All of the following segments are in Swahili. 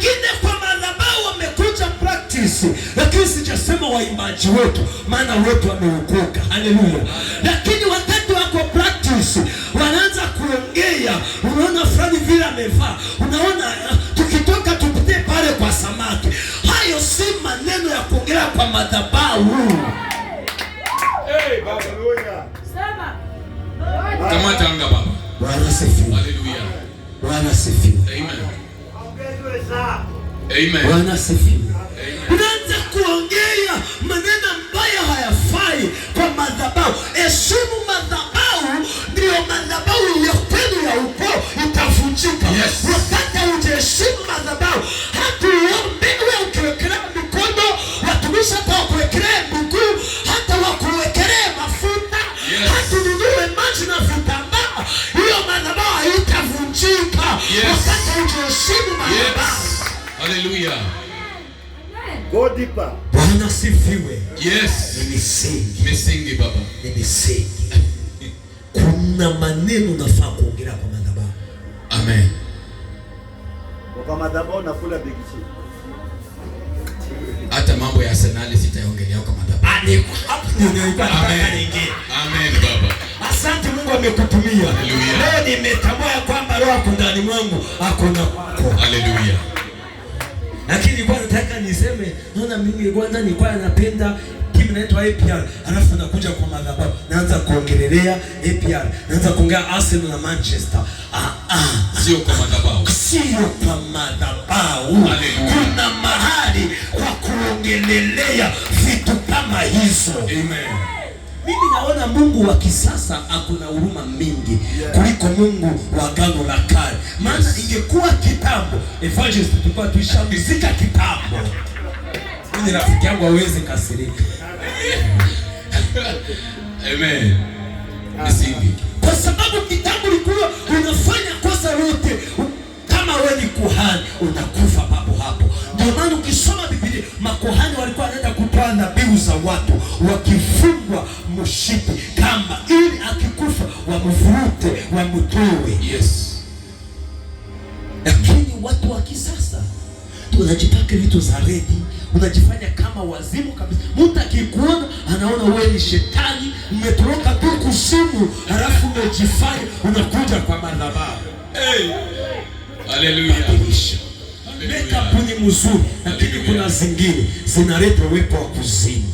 wengine kwa madhabahu wamekuja practice, lakini sijasema waimbaji wetu, maana wetu wameokoka. Haleluya! Lakini wakati wako practice wanaanza kuongea, unaona fulani vile amevaa, unaona tukitoka tupite pale kwa samaki. Hayo si maneno ya kuongea kwa madhabahu. Hey, Kamata anga baba. Bwana sifiwe. Bwana Amen. Amen. Bwana asifiwe. Unaanza kuongea maneno ambayo haya Haleluya. Go deeper. Bwana sifiwe. Yes. Ni misingi. Misingi baba. Ni misingi. Kuna maneno nafaa kuongea kwa madhabahu. Amen. Kwa madhabahu nakula big chief. Hata mambo ya Arsenal sitaongelea kwa madhabahu. Ni hapo ndio ingia. Amen baba. Asante Mungu amekutumia. Leo nimetambua kwamba roho yako ndani mwangu akona kwako. Haleluya lakini nilikuwa nataka niseme, naona mimi kwanza nilikuwa napenda timu inaitwa APR, alafu nakuja kwa madhabahu naanza kuongelelea APR, naanza kuongea Arsenal na Manchester. Ah, ah, sio kwa madhabahu, sio kwa madhabahu. Kuna mahali kwa kuongelelea vitu kama hizo. Amen. Mimi naona Mungu wa kisasa akuna huruma mingi kuliko Mungu wa gano la Kale, maana ingekuwa kitambo evangelist tulikuwa tuishamizika kitambo. Mimi rafiki yangu hawezi kasirika. Amen. Kwa sababu kitambo ulikuwa unafanya kosa lote za watu wakifungwa mshipi kamba, ili akikufa wamvute wamtoe. Yes, lakini watu wa kisasa tunajipaka vitu za redi, unajifanya kama wazimu kabisa. Mtu akikuona anaona wewe ni shetani, umetoroka tu kusumu, halafu umejifanya unakuja kwa madhabahu. Hey, haleluya! Makeup ni mzuri, lakini kuna zingine zinaleta uwepo wa kuzimu.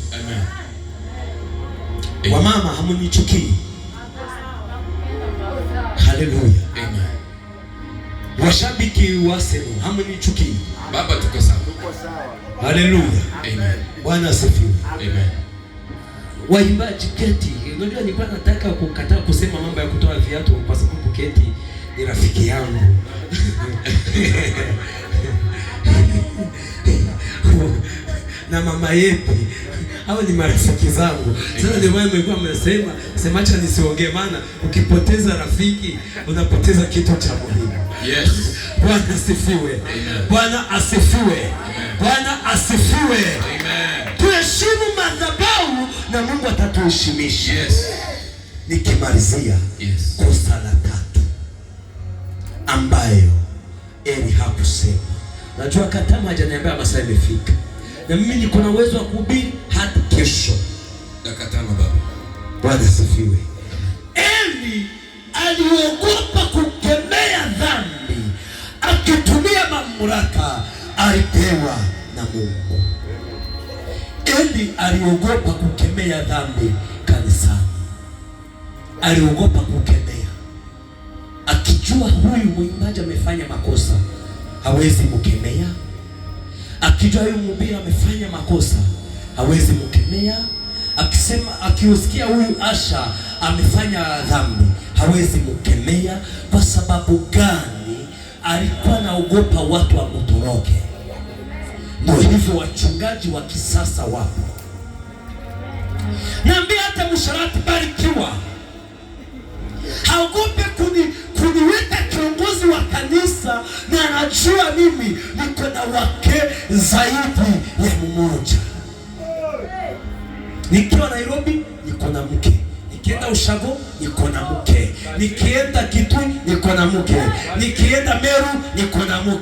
Wamama hamunichukii, haleluya. Amen. Washabiki wa Arsenal hamunichukii, baba, tuko sawa, Tuko sawa. haleluya. Amen. Bwana asifiwe. Amen. Waimbaji keti, unajua nilikuwa nataka kukataa kusema mambo ya kutoa viatu kwa sababu keti ni rafiki yangu na mama yepi au ni marafiki zangu. Sasa ndio maana mlikuwa mmesema semacha nisiongee, maana ukipoteza rafiki unapoteza kitu cha muhimu. Yes. Bwana asifiwe. Bwana asifiwe. Bwana asifiwe. Amen. Tuheshimu madhabahu na Mungu atatuheshimisha. Yes. Nikimalizia yes, kosa la tatu ambayo Eli hakusema Najua Katama hajaniambia masaa imefika, na mimi niko na uwezo wa kuhubiri hadi kesho na Katama. Baba, Bwana asifiwe. Eli aliogopa kukemea dhambi akitumia mamlaka alipewa na Mungu. Eli aliogopa kukemea dhambi kanisa, aliogopa kukemea akijua huyu mwimbaji amefanya makosa hawezi mkemea akijua huyu mhubiri amefanya makosa hawezi mkemea, akisema akiusikia huyu Asha amefanya dhambi hawezi mkemea. Kwa sababu gani? Alikuwa naogopa watu wamtoroke. Ndio hivyo wachungaji wa kisasa wapo. Niambia hata msharati barikiwa haogope kuni na anajua mimi niko na wake zaidi ya mmoja. Nikiwa Nairobi niko na mke, nikienda Ushago niko na mke, nikienda Kitui niko na mke, nikienda Meru niko na mke.